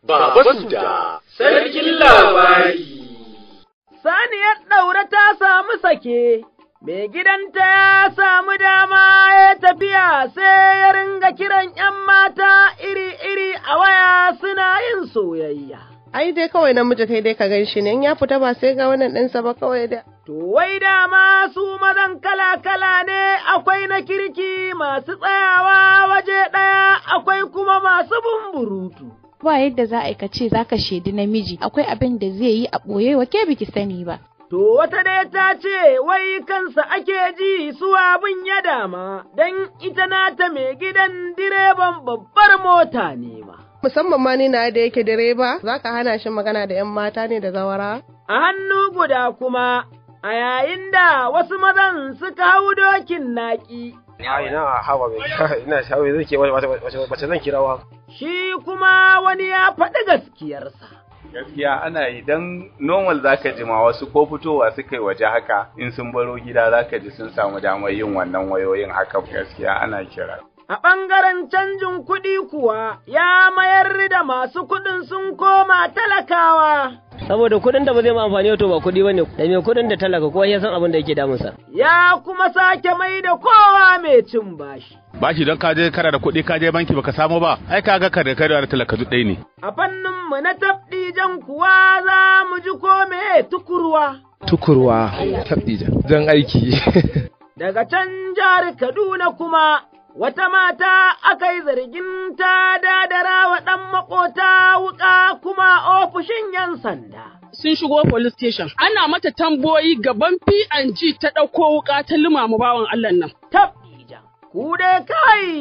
Baba Suda. Sarkin Labari. Saniyar ɗaure ta samu sake, mai gidanta ya samu dama ya tafiya sai ya ringa kiran ‘yan mata iri-iri a waya suna yin soyayya. Ai dai kawai namiji kai dai ka gan shi ne, in ya fita ba sai ga wannan ɗansa ba kawai da. To wai dama su mazan kala-kala ne akwai na kirki masu tsayawa waje ɗaya akwai kuma masu bumburutu. ba yadda za a ce za ka shaidi namiji akwai abin da zai yi a ɓoye wa ke biki sani ba. To wata dai ta ce wai kansa ake ji suwa abin ya dama don ita nata mai gidan direban babbar mota ne ma. Musamman ma ni da yake direba za ka hana shi magana da 'yan mata ne da zawara. A hannu guda kuma a yayin da wasu mazan suka hau dokin naƙi. Ina hawa ina shawo zan ke wace zan kirawa. shi kuma wani ya faɗi gaskiyarsa. Gaskiya ana yi don normal zaka ji ma wasu ko fitowa suka yi waje haka in sun baro gida za ka ji sun samu damar yin wannan wayoyin haka gaskiya ana kira. A ɓangaren canjin kuɗi kuwa ya mayar da masu kuɗin sun koma talakawa. Saboda kuɗin da ba zai amfani wato ba kuɗi ba ne, da mai kuɗin da talaka kowa ya san abin da yake damunsa. Ya kuma sake mai da kowa mai cin bashi. bashi don kaje kana da kuɗi kaje banki baka samu ba ai kaga ka da kai da talaka ɗaya ne a fannin mu na tabdijan kuwa za mu ji ko me tukurwa tukurwa tabdijan zan aiki daga can jihar Kaduna kuma wata mata aka yi zargin ta dadara wa ɗan makota wuƙa kuma ofishin 'yan sanda. sun shigo police station. Ana mata tamboyi gaban png ta ɗauko wuka ta lumama bawan Allah nan. Tab ku dai kai,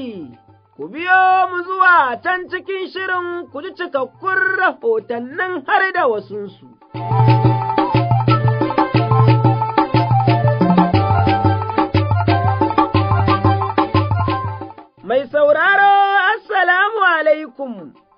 ku biyo mu zuwa can cikin shirin ku ji cikakkun rahotannin har da wasunsu. Mai sauraro, Assalamu alaikum,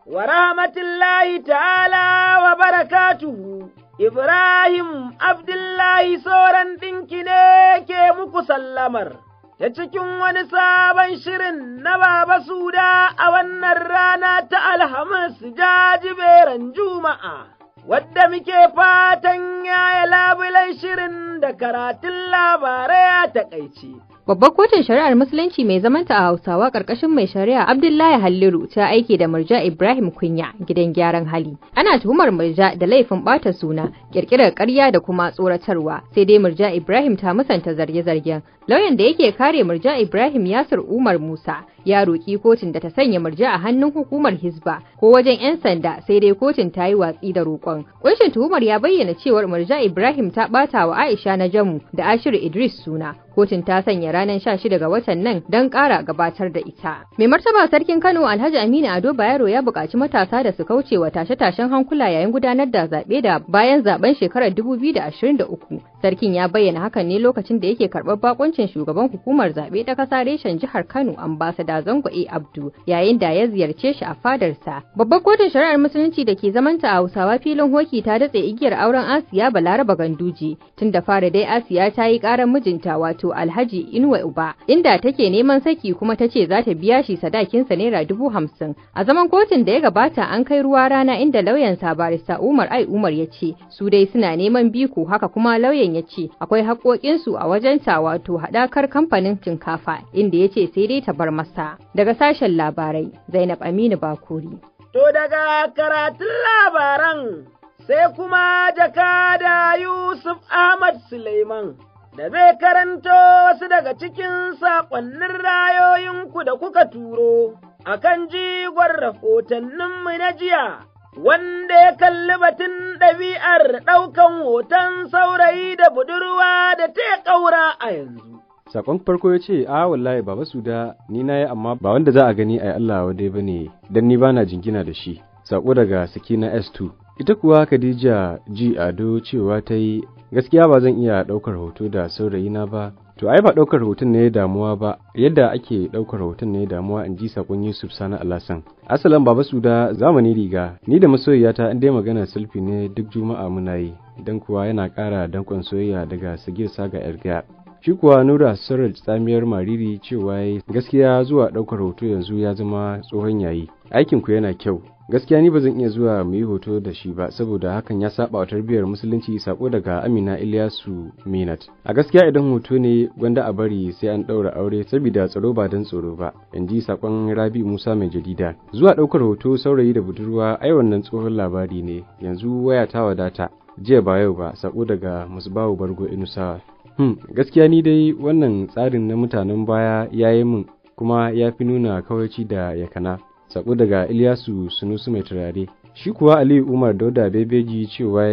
wa rahmatullahi ta'ala wa barakatuhu. Ibrahim Abdullahi sauran ɗinki ne ke muku sallamar. Da cikin wani sabon shirin na Baba Suda a wannan rana ta Alhamis jajiberan Juma'a. Wadda muke fatan yaya labulen shirin da karatun labarai a taƙaice Babbar kotun shari'ar Musulunci mai zamanta a Hausawa ƙarƙashin mai shari'a Abdullahi Halliru ta aiki da Murja Ibrahim Kunya gidan gyaran hali. Ana tuhumar Murja da laifin ɓata suna, ƙirƙirar ƙarya da kuma tsoratarwa. Sai dai Murja Ibrahim ta musanta zarge-zargen. Lauyan da yake kare Murja Ibrahim Yasir Umar Musa ya roƙi kotun da ta sanya Murja a hannun hukumar Hizba ko wajen 'yan sanda sai dai kotun ta yi watsi da roƙon. Ƙunshin tuhumar ya bayyana cewar Murja Ibrahim ta ɓata wa Aisha Najamu da Ashiru Idris suna. kotun ta sanya ranar 16 ga watan nan don ƙara gabatar da ita. Mai martaba sarkin Kano Alhaji Aminu Ado Bayero ya buƙaci matasa da su kauce wa tashe-tashen hankula yayin gudanar da zaɓe da bayan zaɓen shekarar 2023 Sarkin ya bayyana hakan ne lokacin da yake karɓar bakoncin shugaban hukumar zaɓe ta ƙasa reshen jihar Kano ambasada Zango A Abdu yayin da ya ziyarce shi a fadarsa. Babbar kotun shari'ar musulunci da ke zamanta a Hausawa filin hoki ta datse igiyar auren Asiya Balaraba ganduje tun da fara dai Asiya ta yi ƙarar mijinta wato Alhaji Inuwa Uba inda take neman saki kuma ta ce za ta biya shi sadakinsa naira dubu hamsin. A zaman kotun da ya gabata an kai ruwa rana inda sa barista Umar Ai Umar ya ce su dai suna neman biko haka kuma lauyan Usman ya ce akwai haƙoƙinsu a wajen wajensa wato haɗakar kamfanin shinkafa inda ya ce sai dai ta bar masa. Daga sashen labarai Zainab Aminu Bakuri. To daga karatun labaran sai kuma jakada Yusuf Ahmad Suleiman. Da zai karanto wasu daga cikin saƙonnin rayoyinku da kuka turo, a akan jigon rahotanninmu na jiya. wanda ya kalli batun ɗabi'ar ɗaukan hoton saurayi da budurwa da ta ƙaura a yanzu. Sakon farko ya ce, "A ah, wallahi baba su da ni na yi amma ba wanda za a gani a Allah wadai ba ne, don ni bana jingina da shi." Sako daga Sakina S2. Ita kuwa Khadija ji ado cewa ta yi, "Gaskiya ba zan iya ɗaukar hoto da saurayina ba, to ai ba ɗaukar hoton ne damuwa ba yadda ake ɗaukar hoton ne damuwa in ji sakon yusuf sani alasan asalan baba su da zamani riga ni da masoyiyata in dai magana sulfi ne duk juma'a muna yi don kuwa yana ƙara dankon soyayya daga sagir saga gaya shi kuwa nura sarar tsamiyar mariri cewa gaskiya zuwa ɗaukar hoto yanzu ya zama tsohon yayi aikin ku yana kyau gaskiya ni ba zan iya zuwa mu yi hoto da shi ba saboda hakan ya saba wa tarbiyyar musulunci sako daga amina ilyasu minat a gaskiya idan hoto ne gwanda a bari sai an ɗaura aure saboda tsaro ba dan tsoro ba in ji sakon rabi musa mai jarida zuwa ɗaukar hoto saurayi da budurwa ai wannan tsohon labari ne yanzu waya ta wadata jiya ba yau ba sako daga musbahu bargo inusa hmm gaskiya ni dai wannan tsarin na mutanen baya yayi yi min kuma ya fi nuna kawaici da yakana sako daga Ilyasu Sunusu mai turare. Shi kuwa Aliyu Umar Dauda Bebeji cewa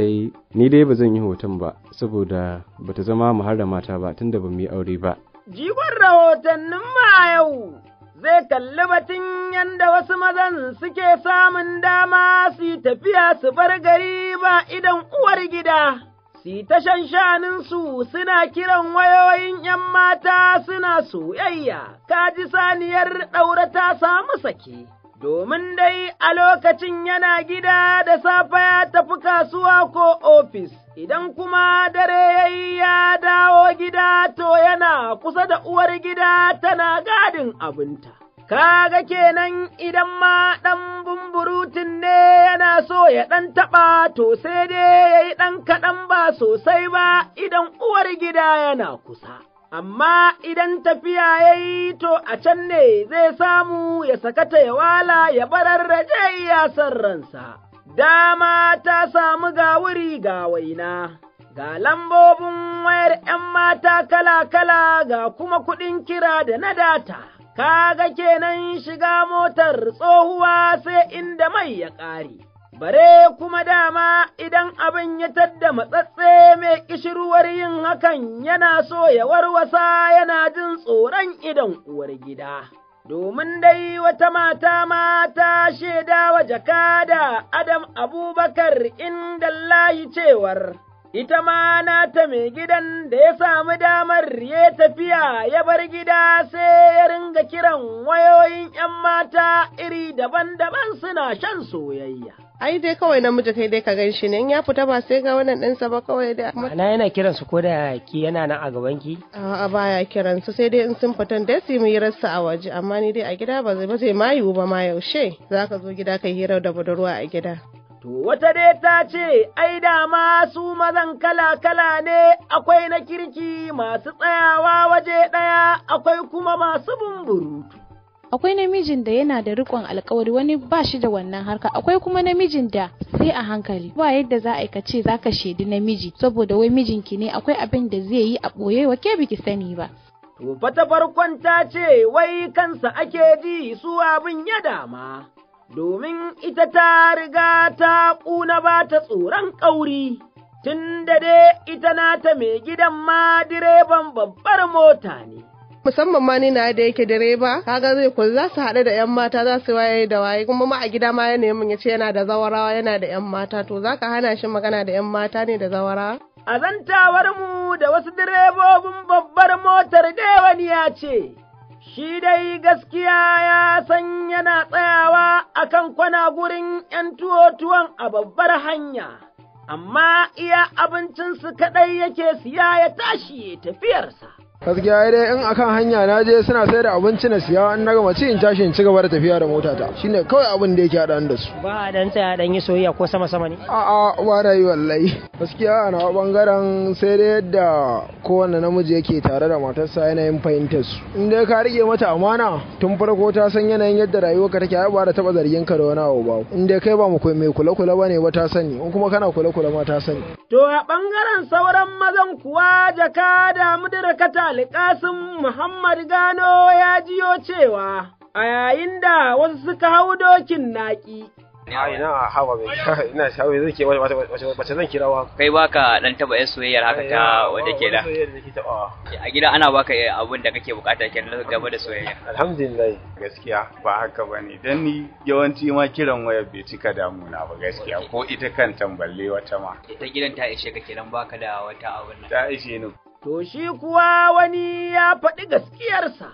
ni dai ba zan yi hoton ba saboda bata zama mata ba tunda ba mu yi aure ba. Jigon rahotannin ma yau zai kalli batun yadda wasu mazan suke samun dama su yi tafiya su bar gari ba idan uwar gida. Si ta shanshaninsu suna kiran wayoyin ‘yan mata suna soyayya, ka ji saniyar ɗaura ta samu sake. domin dai a lokacin yana gida da safe ya tafi kasuwa ko ofis, idan kuma dare ya yi ya dawo gida to yana kusa da uwar gida tana gadin abinta. Kaga kenan idan ma ɗan bumburutun ne yana so ya ɗan taɓa to sai dai yayi yi ɗan kaɗan ba sosai ba idan uwar gida yana kusa. amma idan tafiya ya yi to a can ne zai samu ya sakata ya wala ya bararraje ya san ransa, dama ta samu ga wuri ga waina. Ga lambobin wayar ‘yan mata kala-kala ga kuma kuɗin kira da na data, kaga kenan shiga motar tsohuwa sai inda mai ya ƙare. bare kuma dama idan abin ya tadda matsatse mai ƙishirwar yin hakan yana so ya warwasa yana jin tsoron idan uwar gida. Domin dai wata mata mata shaida wa jakada Adam Abubakar inda layi cewar, Ita ma nata mai gidan da ya samu damar ya tafiya ya bar gida sai ya ringa kiran wayoyin ‘yan mata iri daban-daban suna shan soyayya. ai dai kawai namiji kai dai ka gan shi ne in ya fita ba sai ga wannan ɗinsa ba kawai da ana yana kiran su ko da ki yana nan a gaban ki a'a baya kiran su sai dai in sun fitan dai su yi rassa a waje amma ni dai a gida ba zai ba zai ma ba ma yaushe zaka zo gida kai hira da budurwa a gida To wata dai ta ce, Ai, da ma su mazan kala-kala ne, akwai na kirki masu tsayawa waje daya, akwai kuma masu bumburutu. akwai namijin da yana da rikon alkawari wani ba shi da wannan harka akwai kuma namijin da sai a hankali ba yadda za a aikace za ka shaidi namiji saboda wai mijinki ne akwai abin da zai yi a ɓoye wa ke biki sani ba To ta farkon ta ce wai kansa ake ji su abin ya dama, domin ita ta riga ta ƙuna ba ta tsoron ƙauri, tun da dai ita na ta mai gidan ma direban babbar mota ne. musamman ma ni na da yake direba kaga zai kula za su haɗu da yan mata za su waye da waye kuma ma a gida ma ya nemi ya ce yana da zawarawa yana da yan mata to zaka hana shi magana da yan mata ne da zawarawa a zantawar mu da wasu direbobin babbar motar wani ya ce shi dai gaskiya ya san yana tsayawa a kan kwana gurin 'yan tuwo-tuwon a babbar hanya. amma iya abincinsu kaɗai yake siya ya tashi tafiyarsa. gaskiya dai in akan hanya na je suna sai da abinci na siya na daga mace in tashi in ci gaba da tafiya da mota ta shine kawai abin da yake hada da su ba a dan tsaya dan yi soyayya ko sama sama ne a a ba rai wallahi gaskiya ana bangaren sai dai yadda kowanne namiji yake tare da matarsa yanayin fahimtar su in dai ka rike mata amana tun farko ta san yanayin yadda rayuwar ka take ai ba da taba zargin ka da wani abu ba in dai kai ba mu kai mai kula kula bane ba ta sani in kuma kana kula kula ma ta sani to a bangaren sauran mazan kuwa jaka da mudirkata Alƙasim Muhammad Gano ya jiyo cewa a yayin da wasu suka hau dokin naƙi. ina a hawa mai ina shawo zan ke wace zan kirawa kai baka dan taba yan soyayyar haka ta eh, wanda ke da a gida ana baka abin da kake bukata ke gaba da soyayya alhamdulillah gaskiya ba haka bane don ni yawanci ma kiran waya bai cika damuna ba gaskiya ko ita kan tamballe wata ma ita gidan ta ishe ka kiran baka da wata abin nan ta ishe ni to shi kuwa wani ya faɗi gaskiyarsa.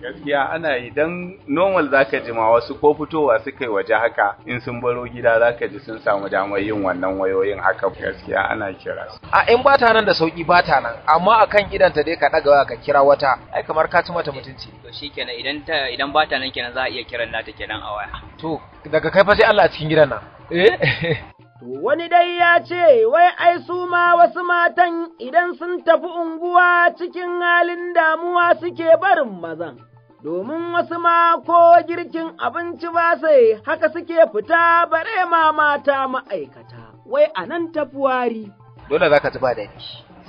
Gaskiya ana idan normal zaka ji ma wasu ko fitowa suka yi waje haka in sun baro gida zaka ji sun samu damar yin wannan wayoyin haka gaskiya ana kira su. A in bata nan da sauki bata nan amma akan idanta dai ka ɗaga ka kira wata ai kamar ka ci mata mutunci. To kenan idan ta idan bata nan kenan za a iya kiran nata kenan a waya. To daga kai fa sai Allah a cikin gidan nan. Eh? wani dai ya ce, wai ai su ma wasu matan idan sun tafi unguwa cikin halin damuwa suke barin mazan, domin wasu ma ko girkin abinci ba sai haka suke fita bare ma mata ma'aikata, wai a nan tafuwari. Dole za ka tafi da ni.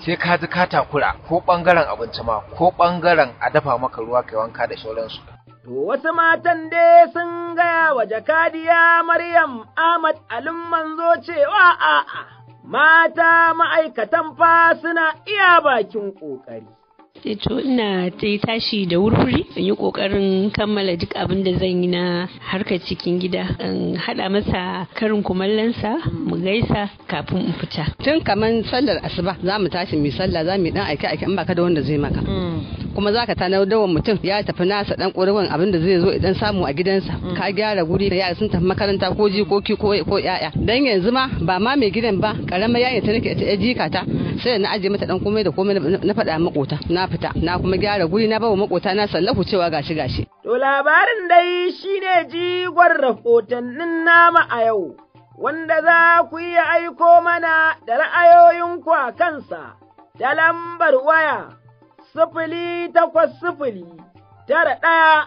Sai ka ji ka takura ko ɓangaren abinci ma ko ɓangaren a dafa maka ruwa kai wanka da shauransu. To wasu matan dai sun gaya wa jakadiya Maryam Ahmad Alin manzo cewa a'a, mata ma'aikatan fa suna iya bakin ƙoƙari. Eh to ina yi tashi da wurwuri in yi kokarin kammala duk abin da zan yi na harkar cikin gida in hada masa karin kumallonsa mu gaisa kafin in fita tun kamar sallar asuba za mu tashi mu sallah za mu yi dan aike aike in baka da wanda zai maka mm. kuma za zaka tana dawa mutum ya tafi nasa dan kurwan abin da zai zo idan samu a gidansa mm. ka gyara guri da yaya sun tafi makaranta ko jikoki ko ki ko yaya dan yanzu ma ba ma mai gidan ba karamar yaya ta nake ta sai na aje mata dan komai da komai na faɗa makota na fita na kuma gyara guri na bawa makota na sallahu cewa gashi gashi to labarin dai shine jigon rahotannin nama a yau wanda za ku iya aiko mana da ra'ayoyinku a kansa ta lambar waya sifili takwas sifili tara ɗaya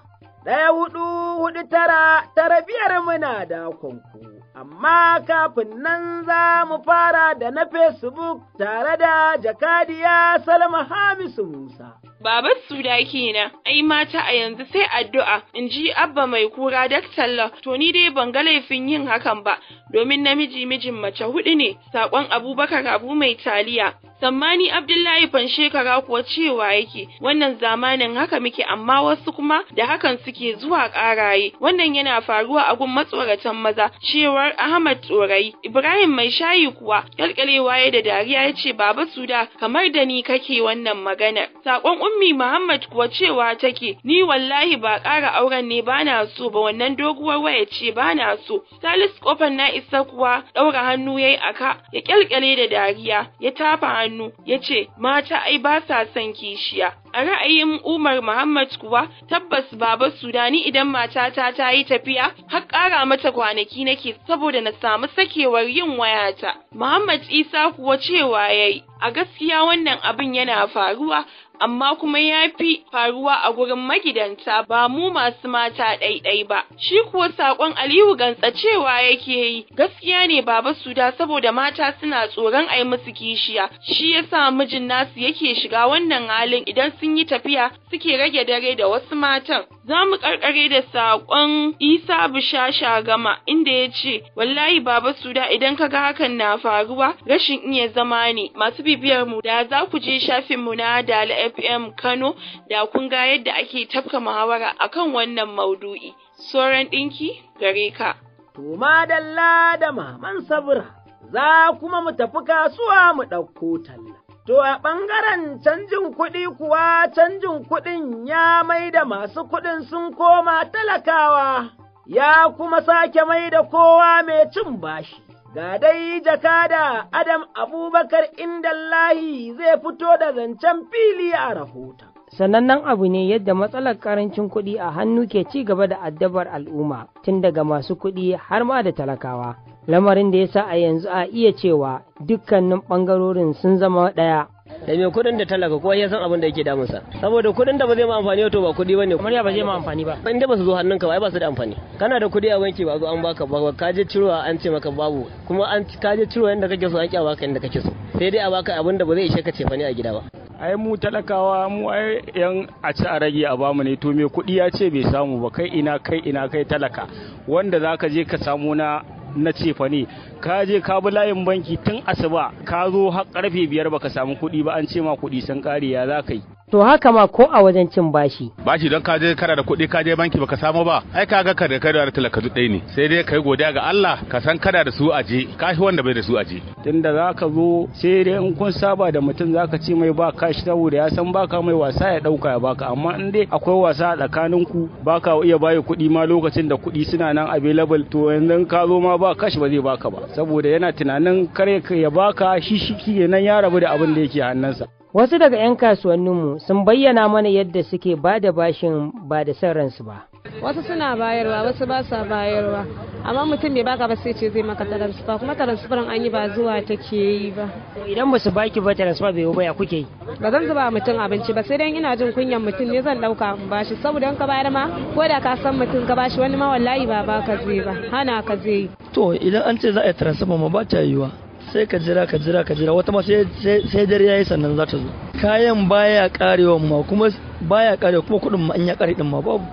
ɗaya hudu hudu tara tara biyar muna da kwanku. amma kafin nan za mu fara da na Facebook tare da jakadiya Salma Hamisu Musa. Babar Sudaki na, ai mata a yanzu sai addu'a, in ji abba mai kura daktalla, to ni dai ban ga laifin yin hakan ba, domin namiji mijin mace hudu ne, saƙon abubakar abu mai taliya. Sammani Abdullahi Fanshekara kuwa cewa yake wannan zamanin haka muke amma wasu kuma da hakan suke zuwa karaye. wannan yana faruwa a gun matsoratan maza cewar Ahmad Tsorai Ibrahim Mai Shayi kuwa kalkalewa ya da dariya ya ce baba Suda kamar da ni kake wannan maganar sakon Ummi Muhammad kuwa cewa take ni wallahi ba ƙara auren ne bana so ba wannan doguwar waya ce bana so salis kofar na isa kuwa ɗaura hannu yayi aka ya kyalkyale da dariya ya tafa hannu ya ce mata ai ba sa son kishiya A ra'ayin Umar Muhammad kuwa tabbas baba Sudani idan matata ta yi tafiya har ƙara mata kwanaki nake saboda na samu sakewar yin wayata. Muhammad Isa kuwa cewa yayi a gaskiya wannan abin yana faruwa amma kuma ya fi faruwa a gurin magidanta ba mu masu mata ɗaiɗai ba. Shi kuwa saƙon Aliyu Gantsa cewa yake yi gaskiya ne baba suda saboda mata suna tsoron a yi musu kishiya shi yasa mijin nasu yake shiga wannan halin idan sun yi tafiya suke rage dare da wasu matan. Za mu karkare da saƙon Isa Bishasha Gama inda ya ce, Wallahi Baba Suda idan ka ga hakan na faruwa rashin iya zama ne. Masu bibiyar mu da za ku je shafin mu na Dala FM Kano da kun ga yadda ake tafka muhawara akan wannan maudu'i. Sauran ɗinki gare ka. Tuma dalla da maman sabura, za kuma mu tafi kasuwa mu ɗauko talla. To a ɓangaren canjin kuɗi kuwa canjin kuɗin ya mai da masu kuɗin sun koma talakawa, ya kuma sake mai da kowa mai cin bashi. Ga dai jakada Adam Abubakar Indallahi zai fito da zancen fili a rahoton. sanannen abu ne yadda matsalar karancin kuɗi a hannu ke ci gaba da addabar al'umma tun daga masu kuɗi har ma da talakawa lamarin da ya sa a yanzu a iya cewa dukkanin ɓangarorin sun zama ɗaya. da mai kudin da talaka kowa ya san abin da yake damunsa saboda kudin da ba zai ma amfani to ba kudi bane kuma ba zai ma amfani ba inda ba su zo hannunka ba ai ba su da amfani kana da kudi a banki ba zo an baka ba ka je ciruwa an ce maka babu kuma an ka je ciruwa yanda kake so an ki a baka inda kake so sai dai a baka abin da ba zai ishe ka ce fani a gida ba ai mu talakawa mu ai yan a ci a rage a bamu ne to me kuɗi ya ce bai samu ba kai ina kai ina kai talaka wanda zaka je ka samu na na ce fa ne ka je ka bi layin banki tun asuba ka zo har karfe biyar baka samu kuɗi ba an ce ma kuɗi sun ƙare ya za ka yi to haka ma ko a wajen cin bashi bashi don ka je kana da kuɗi ka je banki baka samu ba ai ka ga kada kai da talaka ne sai dai kai godiya ga Allah ka san kana da su aje kashi wanda bai da su aje tunda zaka zo sai dai in kun saba da mutum zaka ce mai ba kashi saboda ya san baka mai wasa ya dauka ya baka amma in dai akwai wasa a tsakanin ku baka iya bayi kuɗi ma lokacin da kuɗi suna nan available to yanzu ka zo ma ba kashi ba zai baka ba saboda yana tunanin kare ya baka shi shi nan ya rabu da abin da yake hannunsa Wasu daga 'yan kasuwanninmu sun bayyana mana yadda suke ba da bashin ba da son ransu ba. Wasu suna bayarwa, wasu ba sa bayarwa. Amma mutum bai baka ba sai ce zai maka transfer kuma transfer an yi ba zuwa take yi ba. Idan ba su baki ba transfer bai yi ba ya kuke yi. Ba zan zuba mutum abinci ba sai dai ina jin kunyan mutum ne zan dauka in bashi saboda ka bayar ma ko da ka san mutum ka bashi wani ma wallahi ba baka zai ba hana ka zai yi. To idan an ce za a yi transfer ma ba ta yiwa. sai ka jira ka jira ka jira wata ma sai dare yayi sannan za ta zo kayan baya karewa ma kuma baya karewa kuma kuɗin ma in ya kare din ma babu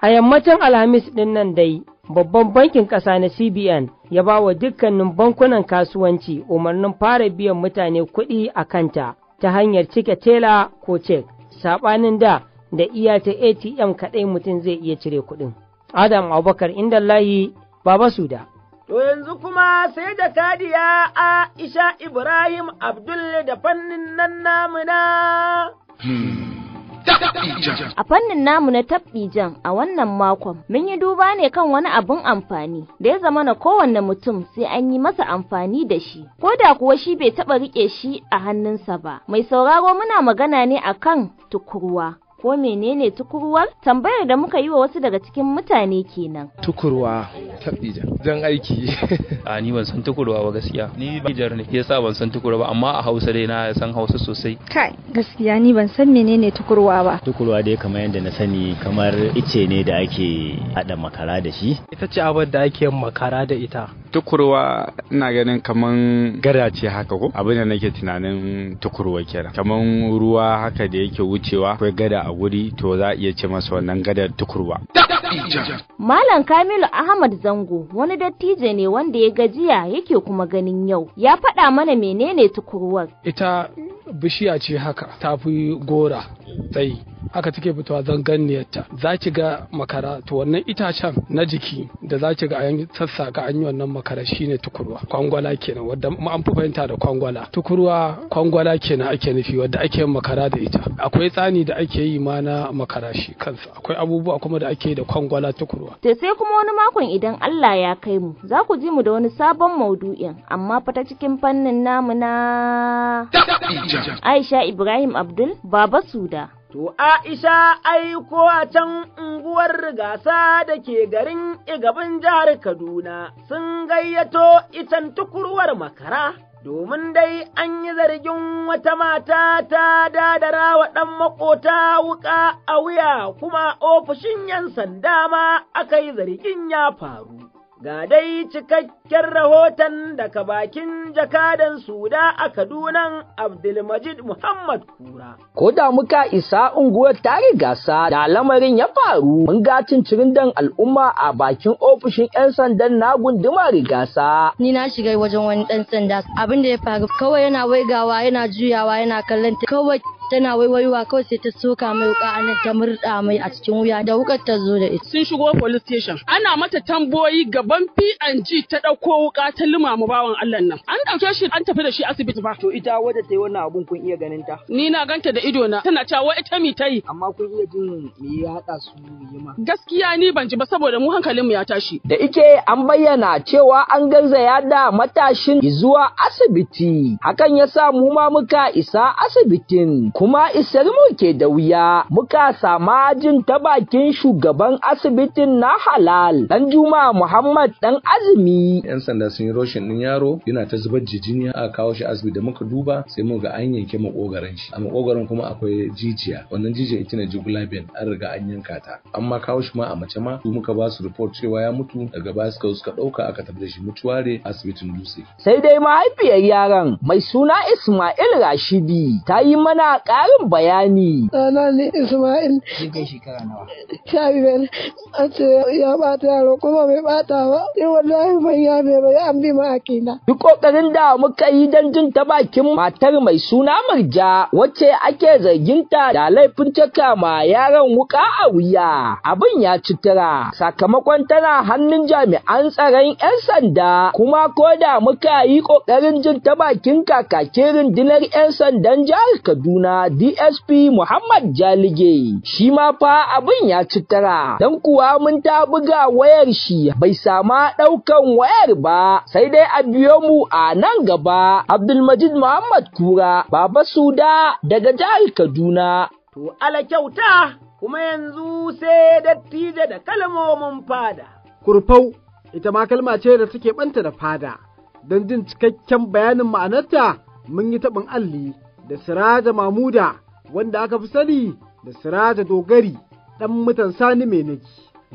a yammacin alhamis din nan dai babban bankin ƙasa na cbn ya ba wa dukkanin bankunan kasuwanci umarnin fara biyan mutane kuɗi a kanta ta hanyar cike tela ko cek saɓanin da da iya ta atm kaɗai mutum zai iya cire kuɗin adam abubakar indallahi baba suda To yanzu kuma sai da kadiya Aisha Ibrahim Abdul da fannin nan namuna. Hmm. A fannin namu na tabbijan a wannan makon mun yi duba ne kan wani abin amfani da ya zama na kowanne mutum sai an yi masa amfani da shi ko da kuwa shi bai taɓa riƙe shi a hannunsa ba. Mai sauraro muna magana ne a kan tukurwa ko menene tukuruwar? tambayar da muka yi wa wasu daga cikin mutane kenan tukurwa tabija dan aiki a ni ban san tukurwa ba gaskiya ni bijar ne sa ban san tukurwa ba amma a Hausa dai na san Hausa sosai kai gaskiya ni ban san menene tukurwa ba tukurwa dai kamar yadda na sani kamar ice ne da ake hada makara da shi ita ce abin da ake makara da ita tukurwa ina ganin kamar. gada ce haka ko abin da nake tunanin tukurwa kenan kamar ruwa haka da yake wucewa akwai gada a guri to za a iya ce masa wannan gadar tukurwa. Malam Kamilu Ahmad Zango wani dattijo ne wanda ya gajiya yake kuma ganin yau ya faɗa mana menene tukurwar. Ita bishiya ce haka tafi gora tsayi haka take fitowa ta. za ki ga makara to wannan itacen na jiki da za ki ga an sassaka an yi wannan makara shine tukurwa kwangwala kenan wadda an fi fahimta da kwangwala tukurwa kwangwala kenan ake nufi wadda ake yin makara da ita akwai tsani da ake yi ma na makara shi kansa akwai abubuwa kuma da ake yi da kwangwala tukurwa to sai kuma wani makon idan Allah ya kai mu za ku ji mu da wani sabon maudu'in amma fa cikin fannin namu na Aisha Ibrahim Abdul Baba Suda To Aisha aiko a can unguwar gasa da ke garin igabin jihar Kaduna sun gayyato itan tukurwar makara. domin dai an yi zargin wata mata ta dadara wa ɗan maƙota wuƙa a wuya kuma ofishin ‘yan sanda ma aka yi zargin ya faru. Ga dai cikakken rahoton daga bakin jakadan Suda a Kadunan Abdulmajid Muhammad Kura. Ko da muka isa unguwar tare gasa da lamarin ya faru mun ga cincirin dan al'umma a bakin ofishin 'yan sandan na gunduma rigasa. Ni na shiga wajen wani dan sanda abin da ya faru kawai yana waigawa yana juyawa yana kallon kawai tana waiwaiwa kawai sai ta soka mai wuka a nan ta murda mai a cikin wuya da wukar ta zo da ita. Sun shigo police station. Ana mata tamboyi gaban P&G ta ɗauko wuka ta mu bawan Allah nan. An ɗauke shi an tafi da shi asibiti ba. To ita wadda ta yi wannan abun kun iya ganin ta. Ni na ganta da ido na tana cewa wai ita mi ta yi. Amma kun iya jin me ya haɗa su ma. Gaskiya ni ban ji ba saboda mu hankalinmu ya tashi. Da ike an bayyana cewa an garzaya da matashin zuwa asibiti. Hakan ya sa mu ma muka isa asibitin. kuma isar mu ke da wuya muka sama jin ta bakin shugaban asibitin na halal dan juma muhammad dan azumi yan sanda sun yi roshin din yaro yana ta zubar jijini a kawo shi asibiti da muka duba sai mu ga an yanke makogaran shi a makogaran kuma akwai jijiya wannan jijiya ita ne jugular an riga an yanka ta amma kawo shi ma a mace ma su muka ba su report cewa ya mutu daga baya suka suka dauka aka tafi da shi mutuware asibitin dutse sai dai mahaifiyar yaran mai suna Ismail Rashidi ta yi mana ƙarin bayani. Sana ne Ismail. Zai kai shekara nawa. Sha biyar. An ce ya ɓata yaro kuma bai ɓata ba. Ni wallahi ban ya bai bai an bi ma akina. Duk ƙoƙarin da muka yi don jin ta bakin matar mai suna Marja wacce ake zarginta da laifin caka ma yaron wuƙa a wuya. Abin ya ci sakamakon tana hannun jami'an tsaron 'yan sanda kuma ko da muka yi ƙoƙarin jin ta bakin kakakin rundunar 'yan sandan jihar Kaduna. DSP Muhammad Jalige shi ma fa abin ya ci dan kuwa mun ta buga wayar shi bai sama ɗaukan wayar ba sai dai a biyo mu a nan gaba Abdulmajid Muhammad Kura Baba Suda daga jihar Kaduna to ala kyauta kuma yanzu sai dattijo da kalmomin fada kurfau ita ma kalma ce da take banta da fada don jin cikakken bayanin ma'anarta mun yi taɓin alli da Siraja Mamuda wanda aka fi sani da Siraja Dogari ɗan mutan Sani mai ga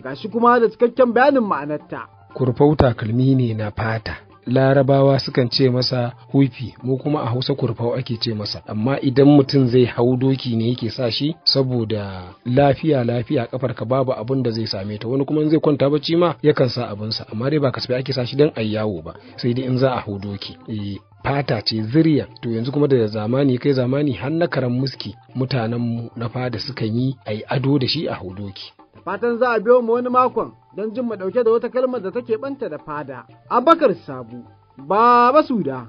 Gashi kuma da cikakken bayanin ma'anarta. Kurfauta kalmi ne na fata. larabawa sukan ce masa hufi mu kuma a hausa kurfau ake ce masa amma idan mutum zai hau doki ne yake sa shi saboda lafiya lafiya kafar ka babu abin da zai same ta wani kuma in zai kwanta bacci ma yakan sa abinsa amma dai ba kasbe ake sa shi don ayi yawo ba sai dai in za a hau doki eh, fata ce zuriya to yanzu kuma da zamani kai zamani har na karan muski mutanen mu na fada sukan yi a ado da shi a hau doki. Fatan za a biyo mu wani makon don jin mu ɗauke da wata kalmar da take ɓanta da fada. Abakar Sabu, Baba Suda.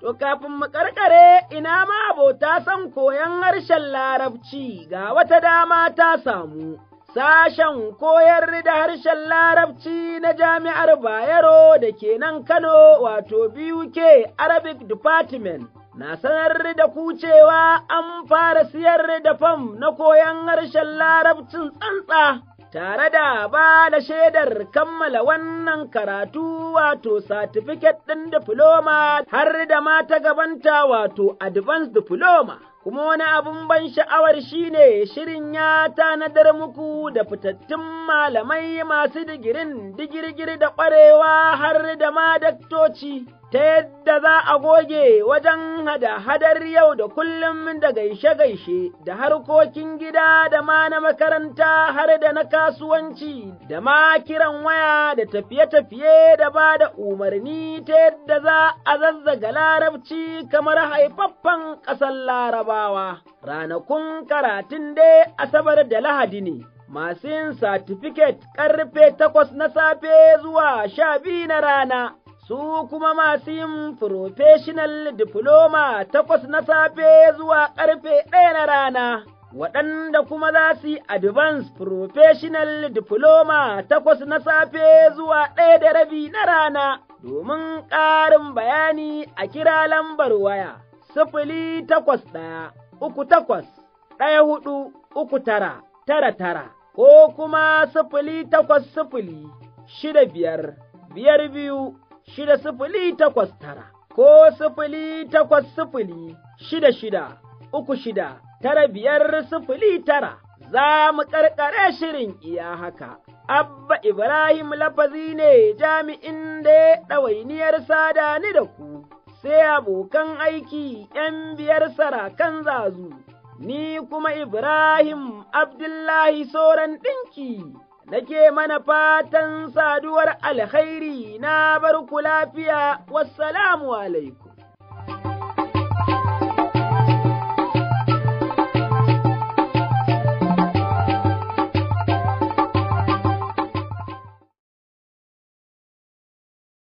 To kafin mu karkare ina ma abota son koyon harshen larabci ga wata dama ta samu. Sashen koyar da harshen larabci na jami'ar Bayero da ke nan Kano wato BUK Arabic Department. na sanar da ku cewa an fara siyar da fam na koyon harshen larabcin tsantsa tare da ba da shaidar kammala wannan karatu wato satifiket ɗin difloma har da ma ta gabanta wato advanced diploma. Kuma wani abin ban sha'awar shine shirin ya tanadar muku da fitattun malamai masu digirin digirgir da ƙwarewa har da ma daktoci. ta yadda za a goge wajen hada-hadar yau da kullum da gaishe-gaishe da harkokin gida da ma na makaranta har da na kasuwanci da ma kiran waya da tafiye-tafiye da ba da umarni ta yadda za a zazzaga larabci kamar haifaffen ƙasar larabawa. Ranakun karatun dai Asabar da Lahadi ne. Masu yin satifiket ƙarfe takwas na safe zuwa sha biyu na rana su kuma masu yin professional diploma takwas na safe zuwa ƙarfe ɗaya na rana, waɗanda kuma za su yi advance professional diploma takwas na safe zuwa ɗaya da rabi na rana, domin ƙarin bayani a kira lambar waya, sifili takwas ɗaya, uku takwas, ɗaya hudu, uku tara, tara tara, ko kuma sifili takwas sifili, shida biyar, biyar biyu. shida sifili takwas tara ko sifili takwas sifili shida shida uku shida tara biyar sifili tara za mu ƙarƙare shirin iya haka. Abba Ibrahim lafazi ne jami'in da ya ɗawainiyar sada ni da ku, sai abokan aiki ‘yan biyar sarakan zazu, ni kuma Ibrahim Abdullahi sauran ɗinki. nake mana fatan saduwar alkhairi na barku lafiya, wassalamu alaikum.